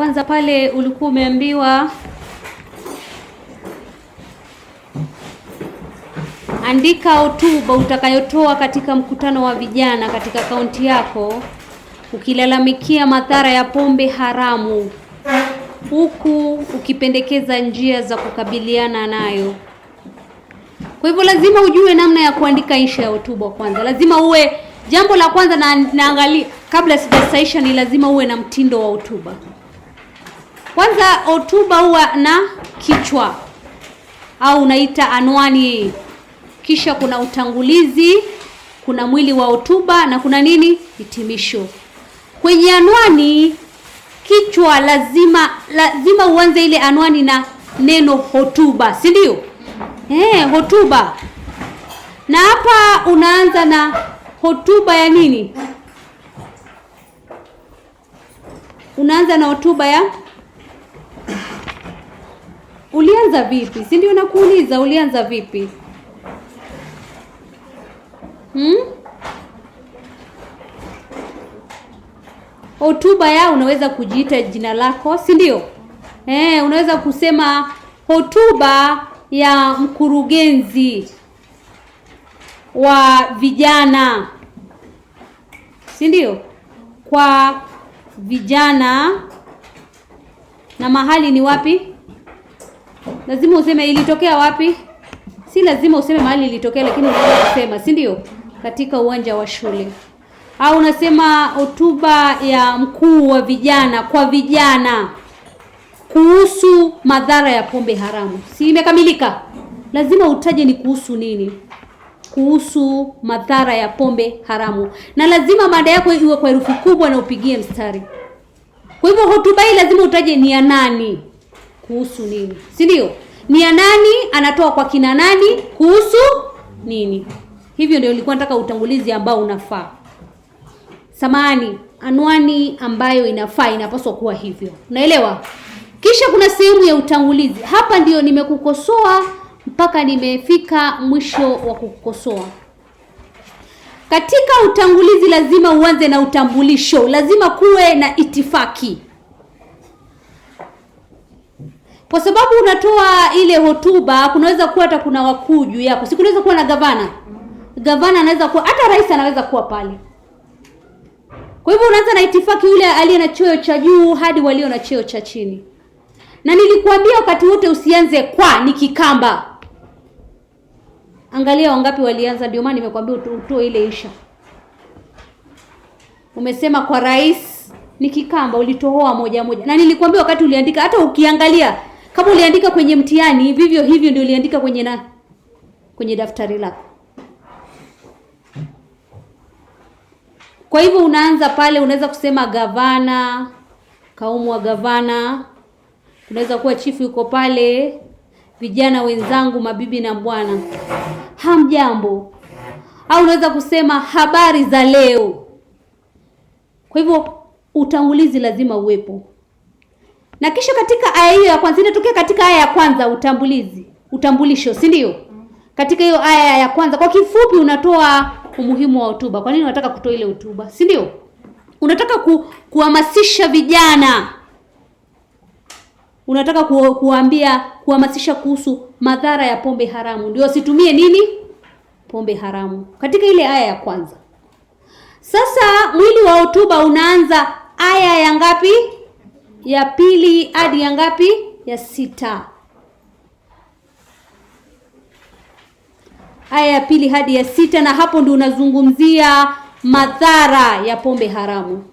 kwanza pale ulikuwa umeambiwa andika hotuba utakayotoa katika mkutano wa vijana katika kaunti yako ukilalamikia madhara ya pombe haramu huku ukipendekeza njia za kukabiliana nayo. Kwa hivyo lazima ujue namna ya kuandika insha ya hotuba kwanza. Lazima uwe jambo la kwanza na naangalia kabla sijasaisha, ni lazima uwe na mtindo wa hotuba. Kwanza hotuba huwa na kichwa au unaita anwani, kisha kuna utangulizi, kuna mwili wa hotuba na kuna nini, hitimisho. Kwenye anwani kichwa lazima lazima uanze ile anwani na neno hotuba, si ndio? Eh, hotuba. Na hapa unaanza na hotuba ya nini? Unaanza na hotuba ya ulianza vipi, si ndio? Nakuuliza, ulianza vipi hmm? Hotuba ya unaweza kujiita jina lako, si ndio? Eh, unaweza kusema hotuba ya mkurugenzi wa vijana, si ndio? Kwa vijana na mahali ni wapi? lazima useme ilitokea wapi. Si lazima useme mahali ilitokea, lakini unaweza kusema, si ndio? Katika uwanja wa shule, au unasema hotuba ya mkuu wa vijana kwa vijana kuhusu madhara ya pombe haramu, si imekamilika? Lazima utaje ni kuhusu nini, kuhusu madhara ya pombe haramu, na lazima mada yako iwe kwa herufi kubwa na upigie mstari. Kwa hivyo hotuba hii lazima utaje ni ya nani kuhusu nini, si ndio? Ni ya nani, anatoa kwa kina nani, kuhusu nini? Hivyo ndio nilikuwa nataka utangulizi ambao unafaa. samani anwani ambayo inafaa inapaswa kuwa hivyo, unaelewa? Kisha kuna sehemu ya utangulizi. Hapa ndio nimekukosoa mpaka nimefika mwisho wa kukukosoa. Katika utangulizi lazima uanze na utambulisho, lazima kuwe na itifaki kwa sababu unatoa ile hotuba, kunaweza kuwa hata kuna wakuu juu yako, si kunaweza kuwa na gavana. Gavana anaweza kuwa hata rais anaweza kuwa pale. Kwa hivyo unaanza na itifaki yule aliye na cheo cha juu hadi walio na cheo cha chini, na nilikuambia wakati wote usianze kwa ni kikamba. Angalia wangapi walianza. Ndio maana nimekuambia utoe ile isha. Umesema kwa rais ni kikamba, ulitohoa moja moja, na nilikuambia wakati uliandika, hata ukiangalia kama uliandika kwenye mtihani, vivyo hivyo ndio uliandika kwenye na kwenye daftari lako. Kwa hivyo unaanza pale, unaweza kusema gavana, kaumu wa gavana, unaweza kuwa chifu yuko pale, vijana wenzangu, mabibi na bwana, hamjambo. Au unaweza kusema habari za leo. Kwa hivyo utangulizi lazima uwepo. Na kisha katika aya hiyo ya kwanza inatokea katika aya ya kwanza utambulizi, utambulisho, si ndio? Katika hiyo aya ya kwanza kwa kifupi unatoa umuhimu wa hotuba. Kwa nini unataka kutoa ile hotuba, si ndio? Unataka ku, kuhamasisha vijana, unataka ku, kuambia kuhamasisha kuhusu madhara ya pombe haramu, ndio situmie nini pombe haramu, katika ile aya ya kwanza. Sasa mwili wa hotuba unaanza aya ya ngapi? ya pili hadi ya ngapi? Ya sita. Aya ya pili hadi ya sita, na hapo ndio unazungumzia madhara ya pombe haramu.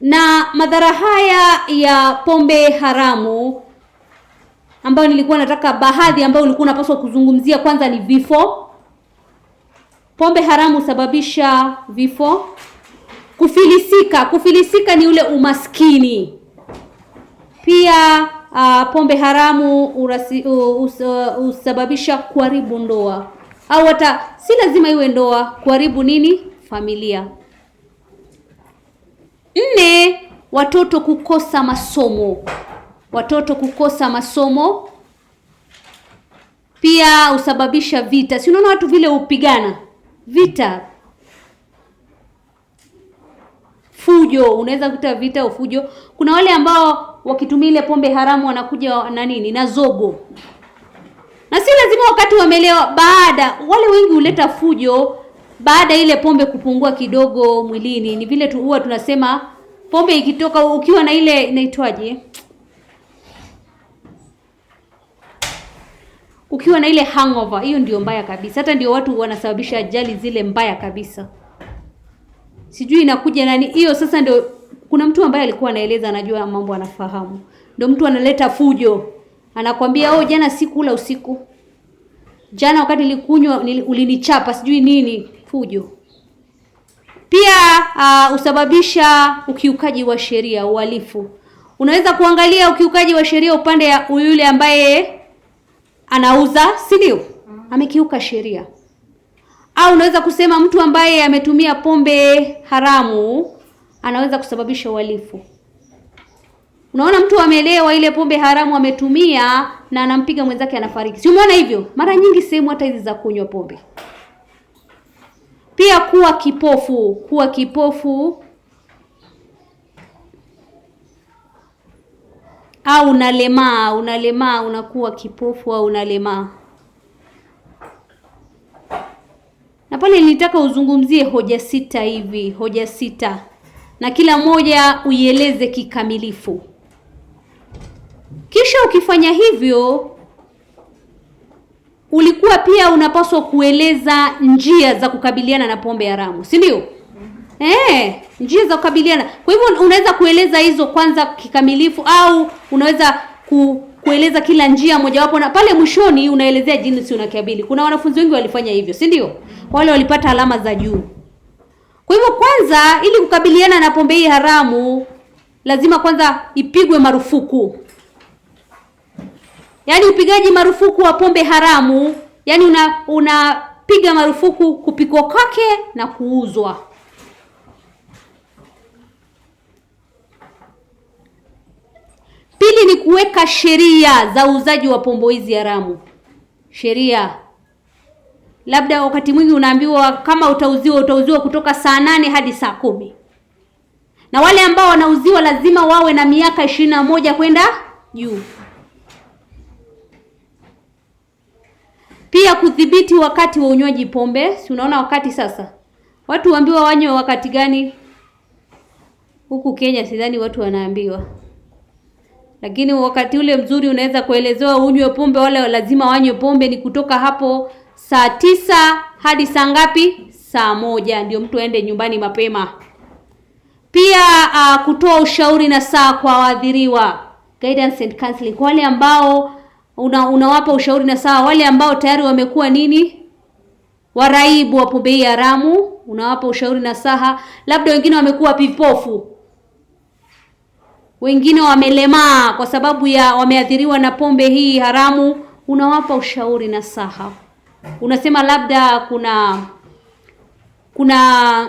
Na madhara haya ya pombe haramu ambayo nilikuwa nataka baadhi ambayo ulikuwa unapaswa kuzungumzia, kwanza ni vifo. Pombe haramu husababisha vifo. Kufilisika, kufilisika ni ule umaskini. Pia uh, pombe haramu urasi, uh, us, uh, usababisha kuharibu ndoa au hata si lazima iwe ndoa, kuharibu nini, familia. Nne, watoto kukosa masomo, watoto kukosa masomo pia husababisha vita. Si unaona watu vile hupigana vita fujo, unaweza kuta vita ufujo. Kuna wale ambao wakitumia ile pombe haramu wanakuja na nini na zogo, na si lazima wakati wamelewa. Baada wale wengi huleta fujo baada ile pombe kupungua kidogo mwilini. Ni vile tu huwa tunasema pombe ikitoka, ukiwa na ile inaitwaje, ukiwa na ile hangover, hiyo ndio mbaya kabisa. Hata ndio watu wanasababisha ajali zile mbaya kabisa sijui inakuja nani hiyo. Sasa ndio kuna mtu ambaye alikuwa anaeleza, anajua mambo, anafahamu, ndio mtu analeta fujo, anakwambia oh, jana sikula usiku, jana wakati nilikunywa ulinichapa, sijui nini, fujo pia uh, usababisha ukiukaji wa sheria, uhalifu. Unaweza kuangalia ukiukaji wa sheria upande ya yule ambaye anauza, si ndio? Mm. Amekiuka sheria au unaweza kusema mtu ambaye ametumia pombe haramu anaweza kusababisha uhalifu. Unaona, mtu ameelewa ile pombe haramu ametumia na anampiga mwenzake, anafariki. Si umeona hivyo mara nyingi sehemu hata hizi za kunywa pombe. Pia kuwa kipofu, kuwa kipofu au unalemaa, unalemaa, unakuwa kipofu au unalemaa pale nilitaka uzungumzie hoja sita hivi, hoja sita, na kila moja uieleze kikamilifu. Kisha ukifanya hivyo, ulikuwa pia unapaswa kueleza njia za kukabiliana na pombe haramu, si ndio? Mm-hmm. Eh, njia za kukabiliana. Kwa hivyo unaweza kueleza hizo kwanza kikamilifu, au unaweza ku kueleza kila njia mojawapo, na pale mwishoni unaelezea jinsi unakabili. Kuna wanafunzi wengi walifanya hivyo, si ndio? Wale walipata alama za juu. Kwa hivyo, kwanza, ili kukabiliana na pombe hii haramu, lazima kwanza ipigwe marufuku. Yaani upigaji marufuku wa pombe haramu, yaani una unapiga marufuku kupikwa kwake na kuuzwa. ni kuweka sheria za uuzaji wa pombo hizi haramu. Sheria labda wakati mwingi unaambiwa kama utauziwa utauziwa kutoka saa nane hadi saa kumi na wale ambao wanauziwa lazima wawe na miaka ishirini na moja kwenda juu. Pia kudhibiti wakati wa unywaji pombe. Si unaona wakati sasa watu waambiwa wanywe wakati gani? Huku Kenya sidhani watu wanaambiwa. Lakini wakati ule mzuri unaweza kuelezewa unywe pombe, wale lazima wanywe pombe, ni kutoka hapo saa tisa hadi saa ngapi? Saa moja, ndio mtu aende nyumbani mapema. Pia uh, kutoa ushauri na saa kwa waadhiriwa, guidance and counseling, kwa wale ambao una, unawapa ushauri na saa, wale ambao tayari wamekuwa nini, waraibu wa pombe hii haramu, unawapa ushauri na saha, labda wengine wamekuwa vipofu wengine wamelemaa kwa sababu ya wameathiriwa na pombe hii haramu, unawapa ushauri na saha, unasema labda kuna kuna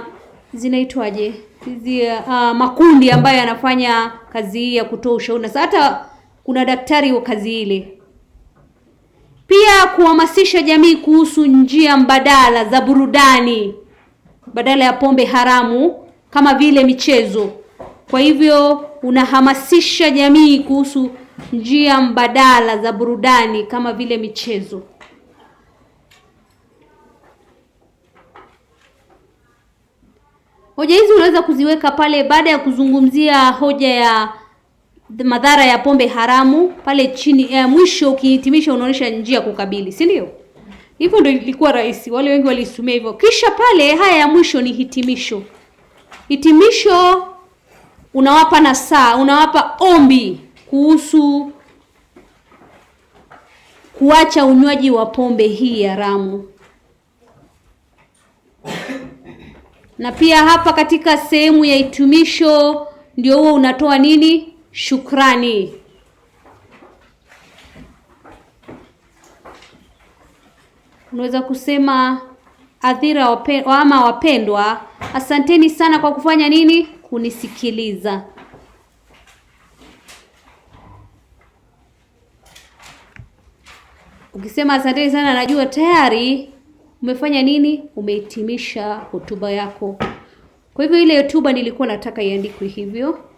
zinaitwaje hizi uh, makundi ambayo yanafanya kazi hii ya kutoa ushauri na hata kuna daktari wa kazi ile. Pia kuhamasisha jamii kuhusu njia mbadala za burudani badala ya pombe haramu kama vile michezo kwa hivyo unahamasisha jamii kuhusu njia mbadala za burudani kama vile michezo. Hoja hizi unaweza kuziweka pale baada ya kuzungumzia hoja ya madhara ya pombe haramu pale chini ya eh, mwisho ukihitimisha unaonyesha njia kukabili, si ndio? Hivyo ndio ilikuwa rahisi, wale wengi walisomea hivyo. Kisha pale haya ya mwisho ni hitimisho. Hitimisho unawapa nasaha, unawapa ombi kuhusu kuacha unywaji wa pombe hii haramu. Na pia hapa katika sehemu ya hitimisho ndio huo unatoa nini? Shukrani. Unaweza kusema adhira wapen, ama wapendwa, asanteni sana kwa kufanya nini, kunisikiliza. Ukisema asanteni sana, najua tayari umefanya nini, umehitimisha hotuba yako. Kwa hivyo ile hotuba nilikuwa nataka iandikwe hivyo.